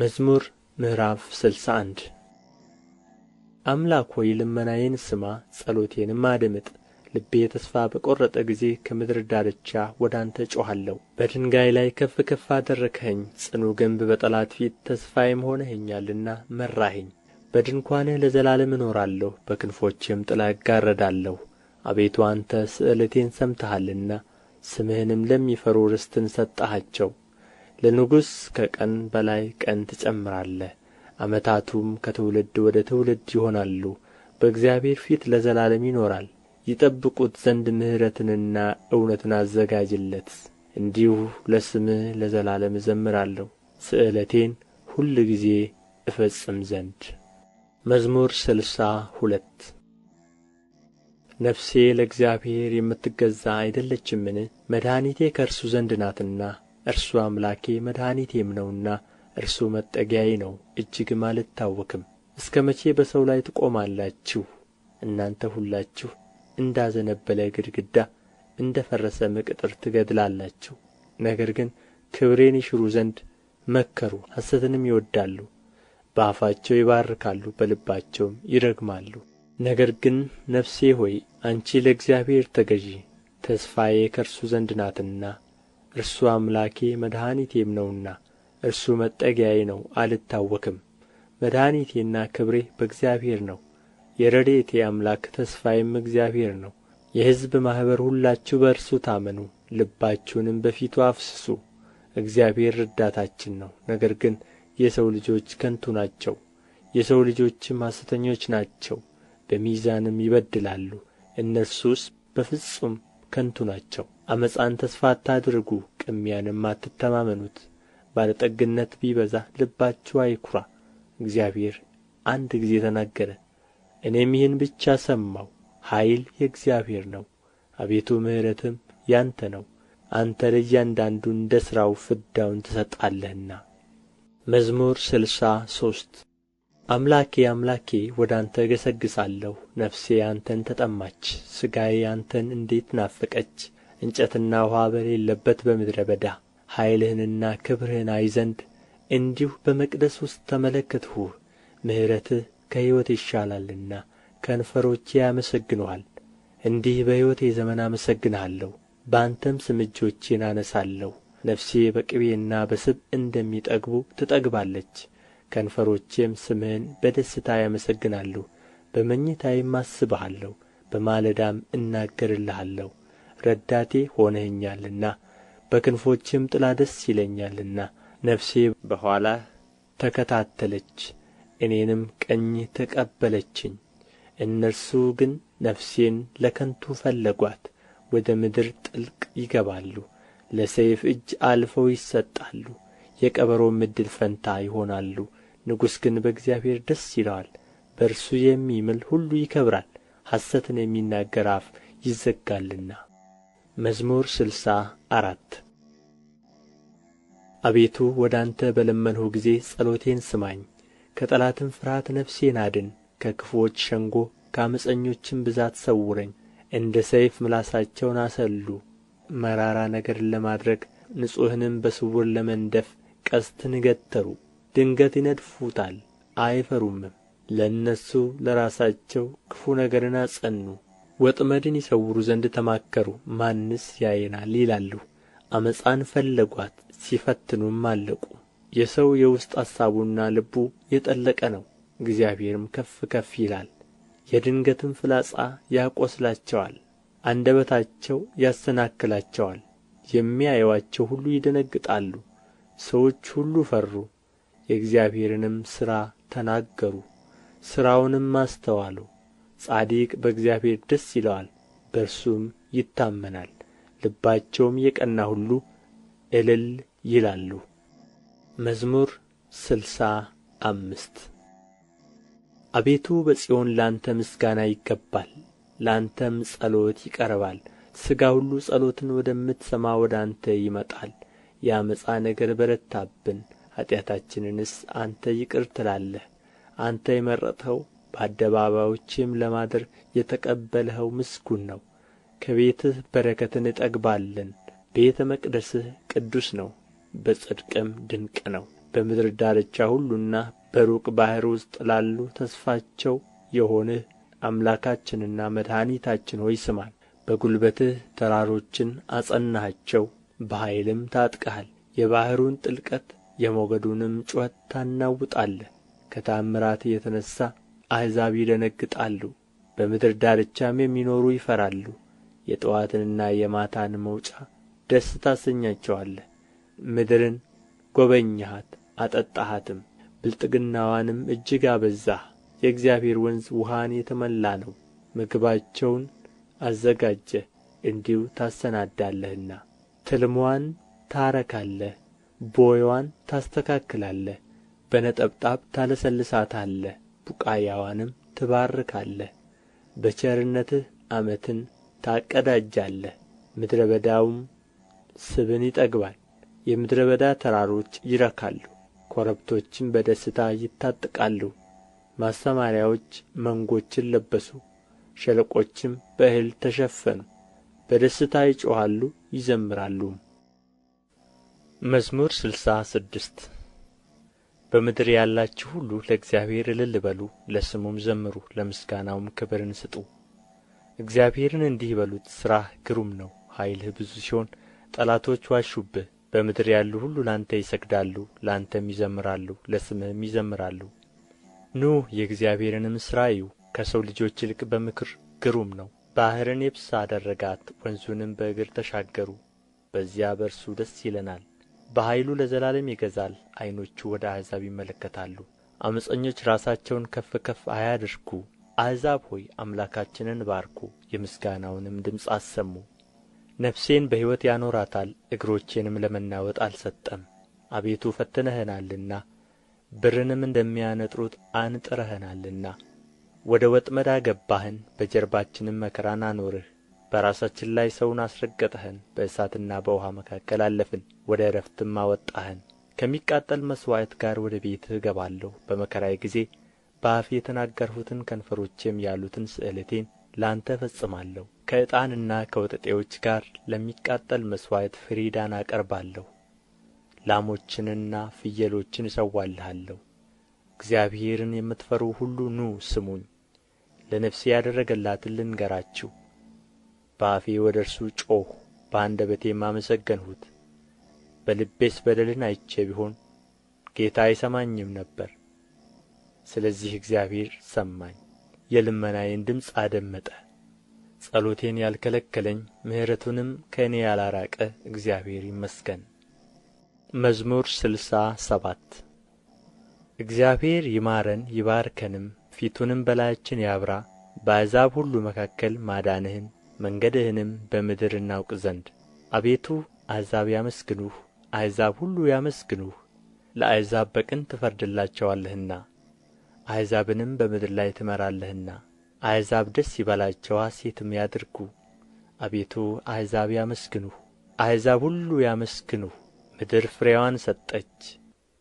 መዝሙር ምዕራፍ ስልሳ አንድ አምላክ ሆይ ልመናዬን ስማ ጸሎቴንም አድምጥ ልቤ ተስፋ በቈረጠ ጊዜ ከምድር ዳርቻ ወደ አንተ እጮኻለሁ በድንጋይ ላይ ከፍ ከፍ አደረግኸኝ ጽኑ ግንብ በጠላት ፊት ተስፋዬም ሆነኸኛልና መራኸኝ በድንኳንህ ለዘላለም እኖራለሁ በክንፎችህም ጥላ እጋረዳለሁ አቤቱ አንተ ስእለቴን ሰምተሃልና ስምህንም ለሚፈሩ ርስትን ሰጠሃቸው ለንጉሥ ከቀን በላይ ቀን ትጨምራለህ ዓመታቱም ከትውልድ ወደ ትውልድ ይሆናሉ በእግዚአብሔር ፊት ለዘላለም ይኖራል ይጠብቁት ዘንድ ምሕረትንና እውነትን አዘጋጅለት እንዲሁ ለስምህ ለዘላለም እዘምራለሁ ስእለቴን ጊዜ እፈጽም ዘንድ መዝሙር ስልሳ ሁለት ነፍሴ ለእግዚአብሔር የምትገዛ አይደለችምን መድኃኒቴ ከእርሱ ዘንድ ናትና እርሱ አምላኬ መድኃኒቴም ነውና እርሱ መጠጊያዬ ነው እጅግም አልታወክም እስከ መቼ በሰው ላይ ትቆማላችሁ እናንተ ሁላችሁ እንዳዘነበለ ግድግዳ እንደ ፈረሰ ምቅጥር ትገድላላችሁ ነገር ግን ክብሬን ይሽሩ ዘንድ መከሩ ሐሰትንም ይወዳሉ በአፋቸው ይባርካሉ በልባቸውም ይረግማሉ ነገር ግን ነፍሴ ሆይ አንቺ ለእግዚአብሔር ተገዢ ተስፋዬ ከእርሱ ዘንድ ናትና እርሱ አምላኬ መድኃኒቴም ነውና እርሱ መጠጊያዬ ነው አልታወክም መድኃኒቴና ክብሬ በእግዚአብሔር ነው የረድኤቴ አምላክ ተስፋዬም እግዚአብሔር ነው የሕዝብ ማኅበር ሁላችሁ በእርሱ ታመኑ ልባችሁንም በፊቱ አፍስሱ እግዚአብሔር ርዳታችን ነው ነገር ግን የሰው ልጆች ከንቱ ናቸው የሰው ልጆችም ሐሰተኞች ናቸው በሚዛንም ይበድላሉ እነርሱስ በፍጹም ከንቱ ናቸው ዓመፃን ተስፋ አታድርጉ ቅሚያንም አትተማመኑት ባለጠግነት ቢበዛ ልባችሁ አይኵራ እግዚአብሔር አንድ ጊዜ ተናገረ እኔም ይህን ብቻ ሰማሁ ኃይል የእግዚአብሔር ነው አቤቱ ምሕረትም ያንተ ነው አንተ ለእያንዳንዱ እንደ ሥራው ፍዳውን ትሰጣለህና መዝሙር ስልሳ ሶስት አምላኬ አምላኬ ወደ አንተ እገሰግሳለሁ ነፍሴ አንተን ተጠማች ሥጋዬ አንተን እንዴት ናፈቀች እንጨትና ውኃ በሌለበት በምድረ በዳ ኃይልህንና ክብርህን አይ ዘንድ እንዲሁ በመቅደስ ውስጥ ተመለከትሁ። ምሕረትህ ከሕይወት ይሻላልና ከንፈሮቼ ያመሰግኑሃል እንዲህ በሕይወቴ ዘመን አመሰግንሃለሁ በአንተም ስም እጆቼን አነሣለሁ ነፍሴ በቅቤና በስብ እንደሚጠግቡ ትጠግባለች ከንፈሮቼም ስምህን በደስታ ያመሰግናሉ በመኝታዬም አስብሃለሁ በማለዳም እናገርልሃለሁ ረዳቴ ሆነኸኛልና በክንፎችህም ጥላ ደስ ይለኛልና ነፍሴ በኋላህ ተከታተለች እኔንም ቀኝህ ተቀበለችኝ እነርሱ ግን ነፍሴን ለከንቱ ፈለጓት ወደ ምድር ጥልቅ ይገባሉ ለሰይፍ እጅ አልፈው ይሰጣሉ የቀበሮም ምድል ፈንታ ይሆናሉ ንጉሥ ግን በእግዚአብሔር ደስ ይለዋል በእርሱ የሚምል ሁሉ ይከብራል ሐሰትን የሚናገር አፍ ይዘጋልና መዝሙር ስልሳ አራት አቤቱ ወደ አንተ በለመንሁ ጊዜ ጸሎቴን ስማኝ ከጠላትም ፍርሃት ነፍሴን አድን ከክፉዎች ሸንጎ ከዓመፀኞችም ብዛት ሰውረኝ እንደ ሰይፍ ምላሳቸውን አሰሉ መራራ ነገርን ለማድረግ ንጹሕንም በስውር ለመንደፍ ቀስትን ገተሩ ድንገት ይነድፉታል አይፈሩምም ለእነሱ ለራሳቸው ክፉ ነገርን አጸኑ ወጥመድን ይሰውሩ ዘንድ ተማከሩ ማንስ ያየናል ይላሉ ዓመፃን ፈለጓት ሲፈትኑም አለቁ የሰው የውስጥ አሳቡና ልቡ የጠለቀ ነው እግዚአብሔርም ከፍ ከፍ ይላል የድንገትም ፍላጻ ያቈስላቸዋል አንደበታቸው ያሰናክላቸዋል የሚያዩአቸው ሁሉ ይደነግጣሉ ሰዎች ሁሉ ፈሩ የእግዚአብሔርንም ሥራ ተናገሩ ሥራውንም አስተዋሉ ጻድቅ በእግዚአብሔር ደስ ይለዋል በእርሱም ይታመናል ልባቸውም የቀና ሁሉ እልል ይላሉ መዝሙር ስልሳ አምስት አቤቱ በጽዮን ላንተ ምስጋና ይገባል ላንተም ጸሎት ይቀርባል ሥጋ ሁሉ ጸሎትን ወደምትሰማ ወደ አንተ ይመጣል የአመፃ ነገር በረታብን ኃጢአታችንንስ አንተ ይቅር ትላለህ አንተ የመረጥኸው በአደባባዮችህም ለማደር የተቀበልኸው ምስጉን ነው ከቤትህ በረከትን እንጠግባለን ቤተ መቅደስህ ቅዱስ ነው በጽድቅም ድንቅ ነው በምድር ዳርቻ ሁሉና በሩቅ ባሕር ውስጥ ላሉ ተስፋቸው የሆንህ አምላካችንና መድኃኒታችን ሆይ ስማን በጉልበትህ ተራሮችን አጸናሃቸው በኃይልም ታጥቀሃል የባሕሩን ጥልቀት የሞገዱንም ጩኸት ታናውጣለህ ከታምራት የተነሣ አሕዛብ ይደነግጣሉ በምድር ዳርቻም የሚኖሩ ይፈራሉ የጠዋትንና የማታን መውጫ ደስ ታሰኛቸዋለህ ምድርን ጐበኘሃት አጠጣሃትም ብልጥግናዋንም እጅግ አበዛህ የእግዚአብሔር ወንዝ ውሃን የተመላ ነው ምግባቸውን አዘጋጀህ እንዲሁ ታሰናዳለህና ትልምዋን ታረካለህ ቦይዋን ታስተካክላለህ በነጠብጣብ ታለሰልሳታለህ ቡቃያዋንም ትባርካለህ በቸርነትህ ዓመትን ታቀዳጃለህ ምድረ በዳውም ስብን ይጠግባል የምድረ በዳ ተራሮች ይረካሉ ኮረብቶችም በደስታ ይታጠቃሉ ማሰማርያዎች መንጎችን ለበሱ ሸለቆችም በእህል ተሸፈኑ በደስታ ይጮኻሉ ይዘምራሉም መዝሙር ስልሳ ስድስት በምድር ያላችሁ ሁሉ ለእግዚአብሔር እልል በሉ ለስሙም ዘምሩ ለምስጋናውም ክብርን ስጡ እግዚአብሔርን እንዲህ በሉት ሥራህ ግሩም ነው ኃይልህ ብዙ ሲሆን ጠላቶች ዋሹብህ በምድር ያሉ ሁሉ ላንተ ይሰግዳሉ ላንተም ይዘምራሉ ለስምህም ይዘምራሉ ኑ የእግዚአብሔርንም ሥራ እዩ ከሰው ልጆች ይልቅ በምክር ግሩም ነው ባሕርን የብስ አደረጋት ወንዙንም በእግር ተሻገሩ በዚያ በእርሱ ደስ ይለናል በኃይሉ ለዘላለም ይገዛል። ዓይኖቹ ወደ አሕዛብ ይመለከታሉ። ዓመፀኞች ራሳቸውን ከፍ ከፍ አያድርጉ። አሕዛብ ሆይ አምላካችንን ባርኩ፣ የምስጋናውንም ድምፅ አሰሙ። ነፍሴን በሕይወት ያኖራታል፣ እግሮቼንም ለመናወጥ አልሰጠም። አቤቱ ፈትነህናልና ብርንም እንደሚያነጥሩት አንጥረህናልና ወደ ወጥመድ አገባህን፣ በጀርባችንም መከራን አኖርህ። በራሳችን ላይ ሰውን አስረገጠህን በእሳትና በውኃ መካከል አለፍን፣ ወደ ዕረፍትም አወጣኸን። ከሚቃጠል መሥዋዕት ጋር ወደ ቤትህ እገባለሁ። በመከራዬ ጊዜ በአፍ የተናገርሁትን ከንፈሮቼም ያሉትን ስእለቴን ለአንተ እፈጽማለሁ። ከዕጣንና ከወጠጤዎች ጋር ለሚቃጠል መሥዋዕት ፍሪዳን አቀርባለሁ። ላሞችንና ፍየሎችን እሰዋልሃለሁ። እግዚአብሔርን የምትፈሩ ሁሉ ኑ ስሙኝ፣ ለነፍሴ ያደረገላትን ልንገራችሁ። በአፌ ወደ እርሱ ጮኽሁ በአንደበቴም አመሰገንሁት በልቤስ በደልን አይቼ ቢሆን ጌታ አይሰማኝም ነበር ስለዚህ እግዚአብሔር ሰማኝ የልመናዬን ድምፅ አደመጠ ጸሎቴን ያልከለከለኝ ምሕረቱንም ከእኔ ያላራቀ እግዚአብሔር ይመስገን መዝሙር ስልሳ ሰባት እግዚአብሔር ይማረን ይባርከንም ፊቱንም በላያችን ያብራ በአሕዛብ ሁሉ መካከል ማዳንህን መንገድህንም በምድር እናውቅ ዘንድ አቤቱ አሕዛብ ያመስግኑህ አሕዛብ ሁሉ ያመስግኑህ ለአሕዛብ በቅን ትፈርድላቸዋለህና አሕዛብንም በምድር ላይ ትመራለህና አሕዛብ ደስ ይበላቸው ሐሴትም ያድርጉ አቤቱ አሕዛብ ያመስግኑህ አሕዛብ ሁሉ ያመስግኑህ ምድር ፍሬዋን ሰጠች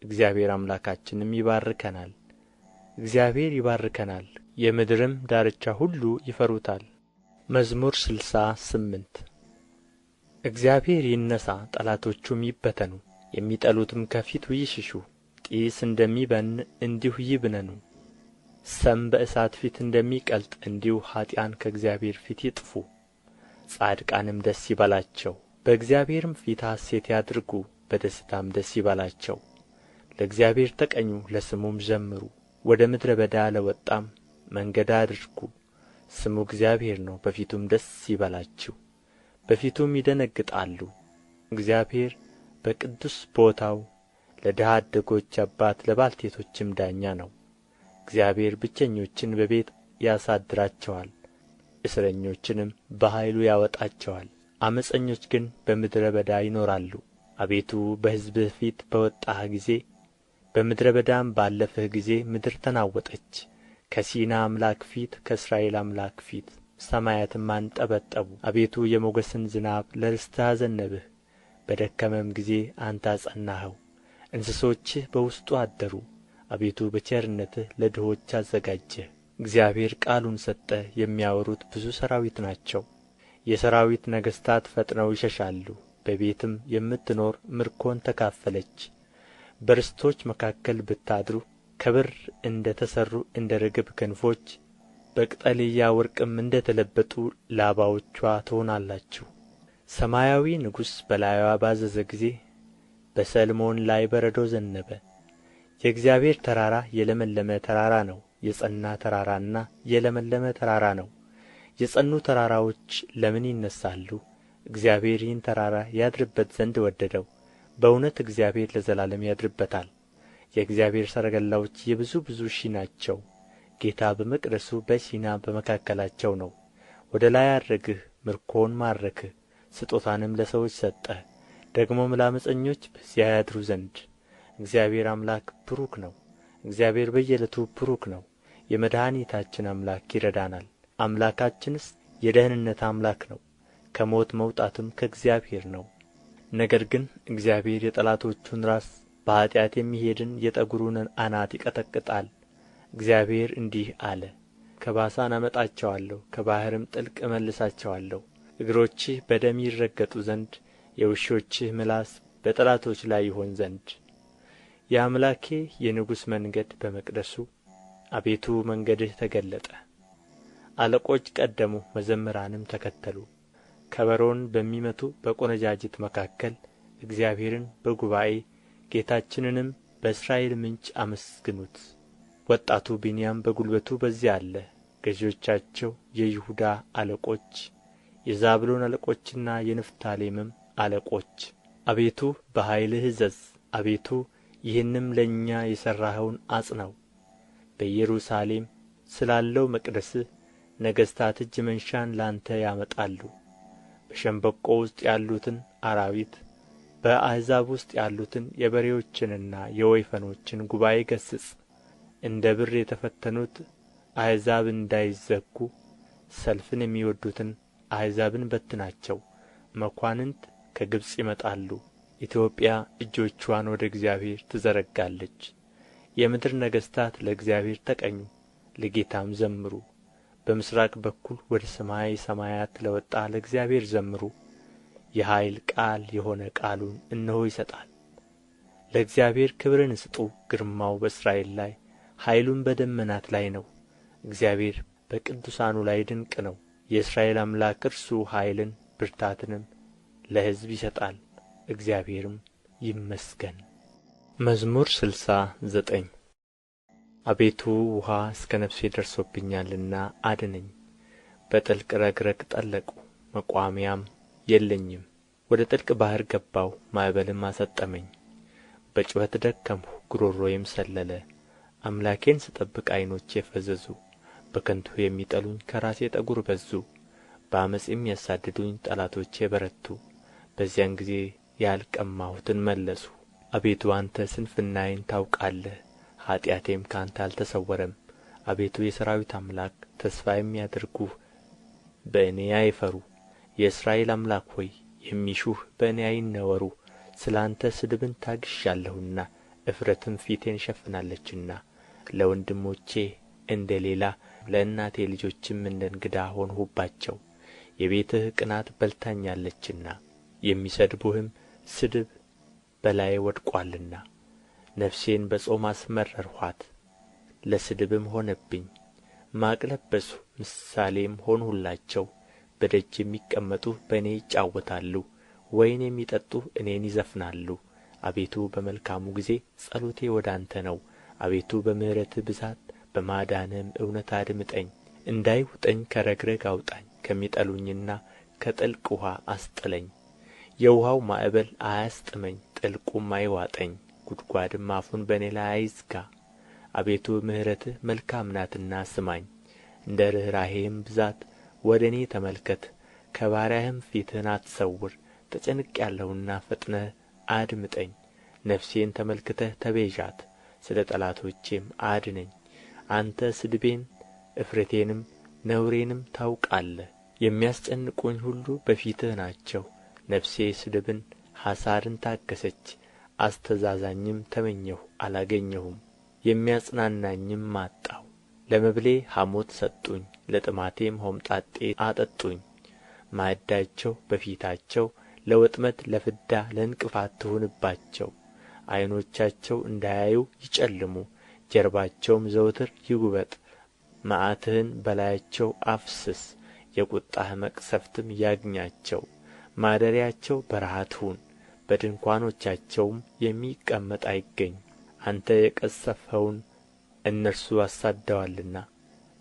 እግዚአብሔር አምላካችንም ይባርከናል እግዚአብሔር ይባርከናል የምድርም ዳርቻ ሁሉ ይፈሩታል መዝሙር ስልሳ ስምንት እግዚአብሔር ይነሣ ጠላቶቹም ይበተኑ፣ የሚጠሉትም ከፊቱ ይሽሹ። ጢስ እንደሚበን እንዲሁ ይብነኑ፣ ሰም በእሳት ፊት እንደሚቀልጥ እንዲሁ ኀጢአን ከእግዚአብሔር ፊት ይጥፉ። ጻድቃንም ደስ ይበላቸው፣ በእግዚአብሔርም ፊት ሐሴት ያድርጉ፣ በደስታም ደስ ይበላቸው። ለእግዚአብሔር ተቀኙ፣ ለስሙም ዘምሩ፣ ወደ ምድረ በዳ ለወጣም መንገድ አድርጉ። ስሙ እግዚአብሔር ነው በፊቱም ደስ ይበላችሁ በፊቱም ይደነግጣሉ እግዚአብሔር በቅዱስ ቦታው ለድሃ አደጎች አባት ለባልቴቶችም ዳኛ ነው እግዚአብሔር ብቸኞችን በቤት ያሳድራቸዋል እስረኞችንም በኃይሉ ያወጣቸዋል አመፀኞች ግን በምድረ በዳ ይኖራሉ አቤቱ በሕዝብህ ፊት በወጣህ ጊዜ በምድረ በዳም ባለፍህ ጊዜ ምድር ተናወጠች ከሲና አምላክ ፊት ከእስራኤል አምላክ ፊት ሰማያትም አንጠበጠቡ አቤቱ የሞገስን ዝናብ ለርስትህ አዘነብህ በደከመም ጊዜ አንተ አጸናኸው እንስሶችህ በውስጡ አደሩ አቤቱ በቸርነትህ ለድሆች አዘጋጀህ እግዚአብሔር ቃሉን ሰጠ የሚያወሩት ብዙ ሰራዊት ናቸው የሰራዊት ነገሥታት ፈጥነው ይሸሻሉ በቤትም የምትኖር ምርኮን ተካፈለች በርስቶች መካከል ብታድሩ ከብር እንደ ተሠሩ እንደ ርግብ ክንፎች በቅጠልያ ወርቅም እንደ ተለበጡ ላባዎቿ ትሆናላችሁ። ሰማያዊ ንጉሥ በላይዋ ባዘዘ ጊዜ በሰልሞን ላይ በረዶ ዘነበ። የእግዚአብሔር ተራራ የለመለመ ተራራ ነው፣ የጸና ተራራና የለመለመ ተራራ ነው። የጸኑ ተራራዎች ለምን ይነሣሉ? እግዚአብሔር ይህን ተራራ ያድርበት ዘንድ ወደደው። በእውነት እግዚአብሔር ለዘላለም ያድርበታል። የእግዚአብሔር ሰረገላዎች የብዙ ብዙ ሺህ ናቸው ጌታ በመቅደሱ በሲና በመካከላቸው ነው ወደ ላይ አድረግህ ምርኮን ማረክህ ስጦታንም ለሰዎች ሰጠህ ደግሞም ለዓመፀኞች በዚያ ያድሩ ዘንድ እግዚአብሔር አምላክ ብሩክ ነው እግዚአብሔር በየዕለቱ ብሩክ ነው የመድኃኒታችን አምላክ ይረዳናል አምላካችንስ የደህንነት አምላክ ነው ከሞት መውጣትም ከእግዚአብሔር ነው ነገር ግን እግዚአብሔር የጠላቶቹን ራስ በኃጢአት የሚሄድን የጠጕሩን አናት ይቀጠቅጣል እግዚአብሔር እንዲህ አለ ከባሳን አመጣቸዋለሁ ከባሕርም ጥልቅ እመልሳቸዋለሁ እግሮችህ በደም ይረገጡ ዘንድ የውሾችህ ምላስ በጠላቶች ላይ ይሆን ዘንድ የአምላኬ የንጉሥ መንገድ በመቅደሱ አቤቱ መንገድህ ተገለጠ አለቆች ቀደሙ መዘምራንም ተከተሉ ከበሮን በሚመቱ በቈነጃጅት መካከል እግዚአብሔርን በጉባኤ ጌታችንንም በእስራኤል ምንጭ አመስግኑት ወጣቱ ብንያም በጉልበቱ በዚያ አለ ገዢዎቻቸው የይሁዳ አለቆች የዛብሎን አለቆችና የንፍታሌምም አለቆች አቤቱ በኃይልህ እዘዝ አቤቱ ይህንም ለእኛ የሠራኸውን አጽነው። በኢየሩሳሌም ስላለው መቅደስህ ነገሥታት እጅ መንሻን ላንተ ያመጣሉ በሸምበቆ ውስጥ ያሉትን አራዊት በአሕዛብ ውስጥ ያሉትን የበሬዎችንና የወይፈኖችን ጉባኤ ገሥጽ እንደ ብር የተፈተኑት አሕዛብ እንዳይዘጉ ሰልፍን የሚወዱትን አሕዛብን በትናቸው። መኳንንት ከግብጽ ይመጣሉ፣ ኢትዮጵያ እጆቿን ወደ እግዚአብሔር ትዘረጋለች። የምድር ነገሥታት ለእግዚአብሔር ተቀኙ፣ ለጌታም ዘምሩ። በምሥራቅ በኩል ወደ ሰማይ ሰማያት ለወጣ ለእግዚአብሔር ዘምሩ። የኃይል ቃል የሆነ ቃሉን እነሆ ይሰጣል። ለእግዚአብሔር ክብርን ስጡ፣ ግርማው በእስራኤል ላይ ኃይሉም በደመናት ላይ ነው። እግዚአብሔር በቅዱሳኑ ላይ ድንቅ ነው። የእስራኤል አምላክ እርሱ ኃይልን ብርታትንም ለሕዝብ ይሰጣል። እግዚአብሔርም ይመስገን። መዝሙር ስልሳ ዘጠኝ አቤቱ ውኃ እስከ ነፍሴ ደርሶብኛልና አድነኝ። በጥልቅ ረግረግ ጠለቁ፣ መቋሚያም የለኝም ወደ ጥልቅ ባሕር ገባሁ ማዕበልም አሰጠመኝ በጩኸት ደከምሁ ጉሮሮዬም ሰለለ አምላኬን ስጠብቅ ዓይኖቼ ፈዘዙ በከንቱ የሚጠሉኝ ከራሴ ጠጉር በዙ በአመፅ የሚያሳድዱኝ ጠላቶቼ በረቱ በዚያን ጊዜ ያልቀማሁትን መለሱ አቤቱ አንተ ስንፍናዬን ታውቃለህ ኀጢአቴም ከአንተ አልተሰወረም አቤቱ የሠራዊት አምላክ ተስፋ የሚያደርጉህ በእኔ አይፈሩ የእስራኤል አምላክ ሆይ የሚሹህ በእኔ አይነወሩ ስለ አንተ ስድብን ታግሻለሁና እፍረትም ፊቴን ሸፍናለችና ለወንድሞቼ እንደ ሌላ ለእናቴ ልጆችም እንደ እንግዳ ሆንሁባቸው የቤትህ ቅናት በልታኛለችና የሚሰድቡህም ስድብ በላዬ ወድቋልና ነፍሴን በጾም አስመረርኋት ለስድብም ሆነብኝ ማቅ ለበስሁ ምሳሌም ሆንሁላቸው በደጅ የሚቀመጡ በእኔ ይጫወታሉ ወይን የሚጠጡ እኔን ይዘፍናሉ አቤቱ በመልካሙ ጊዜ ጸሎቴ ወደ አንተ ነው አቤቱ በምሕረትህ ብዛት በማዳንህም እውነት አድምጠኝ እንዳይውጠኝ ከረግረግ አውጣኝ ከሚጠሉኝና ከጥልቅ ውኃ አስጥለኝ የውኃው ማዕበል አያስጥመኝ ጥልቁም አይዋጠኝ ጉድጓድም አፉን በእኔ ላይ አይዝጋ አቤቱ ምሕረትህ መልካም ናትና ስማኝ እንደ ርኅራኄህም ብዛት ወደ እኔ ተመልከት ከባሪያህም ፊትህን አትሰውር ተጨንቅ ያለውና ፈጥነህ አድምጠኝ ነፍሴን ተመልክተህ ተቤዣት ስለ ጠላቶቼም አድነኝ አንተ ስድቤን እፍረቴንም ነውሬንም ታውቃለህ የሚያስጨንቁኝ ሁሉ በፊትህ ናቸው ነፍሴ ስድብን ሐሳድን ታገሰች አስተዛዛኝም ተመኘሁ አላገኘሁም የሚያጽናናኝም አጣሁ ለመብሌ ሐሞት ሰጡኝ ለጥማቴም ሆምጣጤ አጠጡኝ ማዕዳቸው በፊታቸው ለወጥመድ ለፍዳ ለእንቅፋት ትሁንባቸው ዓይኖቻቸው እንዳያዩ ይጨልሙ ጀርባቸውም ዘወትር ይጉበጥ መዓትህን በላያቸው አፍስስ የቁጣህ መቅሰፍትም ያግኛቸው ማደሪያቸው በረሃ ትሁን በድንኳኖቻቸውም የሚቀመጥ አይገኝ አንተ የቀሠፍኸውን እነርሱ አሳደዋልና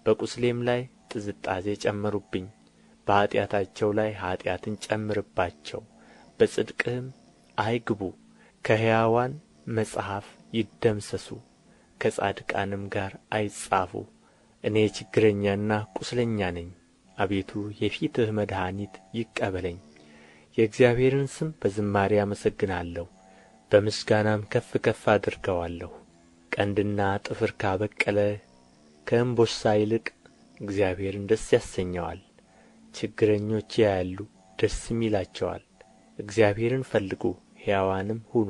በቁስሌም ላይ ጥዝጣዜ ጨመሩብኝ በኃጢአታቸው ላይ ኃጢአትን ጨምርባቸው በጽድቅህም አይግቡ ከሕያዋን መጽሐፍ ይደምሰሱ ከጻድቃንም ጋር አይጻፉ እኔ ችግረኛና ቁስለኛ ነኝ አቤቱ የፊትህ መድኃኒት ይቀበለኝ የእግዚአብሔርን ስም በዝማሬ አመሰግናለሁ በምስጋናም ከፍ ከፍ አድርገዋለሁ ቀንድና ጥፍር ካበቀለ ከእምቦሳ ይልቅ እግዚአብሔርን ደስ ያሰኘዋል። ችግረኞች ያያሉ ደስም ይላቸዋል። እግዚአብሔርን ፈልጉ ሕያዋንም ሁኑ።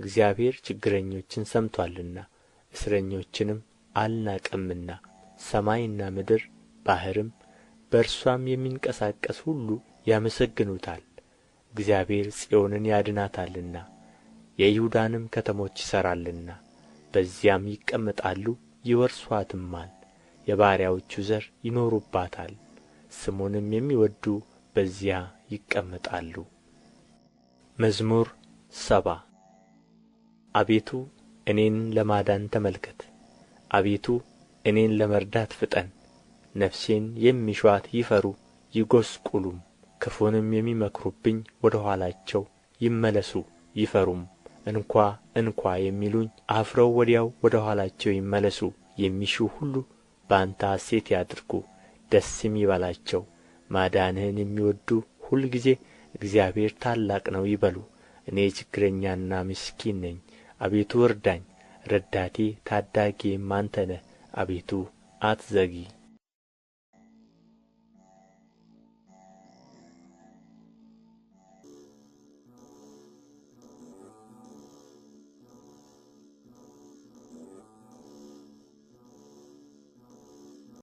እግዚአብሔር ችግረኞችን ሰምቶአልና እስረኞችንም አልናቀምና። ሰማይና ምድር ባሕርም በእርሷም የሚንቀሳቀስ ሁሉ ያመሰግኑታል። እግዚአብሔር ጽዮንን ያድናታልና የይሁዳንም ከተሞች ይሠራልና በዚያም ይቀመጣሉ ይወርሱአትማል የባሪያዎቹ ዘር ይኖሩባታል ስሙንም የሚወዱ በዚያ ይቀመጣሉ መዝሙር ሰባ አቤቱ እኔን ለማዳን ተመልከት አቤቱ እኔን ለመርዳት ፍጠን ነፍሴን የሚሿት ይፈሩ ይጐስቁሉም ክፉንም የሚመክሩብኝ ወደ ኋላቸው ይመለሱ ይፈሩም እንኳ እንኳ የሚሉኝ አፍረው ወዲያው ወደ ኋላቸው ይመለሱ የሚሹ ሁሉ በአንተ ሐሴት ያድርጉ ደስም ይበላቸው ማዳንህን የሚወዱ ሁልጊዜ እግዚአብሔር ታላቅ ነው ይበሉ እኔ ችግረኛና ምስኪን ነኝ አቤቱ እርዳኝ ረዳቴ ታዳጊዬም አንተ ነህ አቤቱ አትዘግይ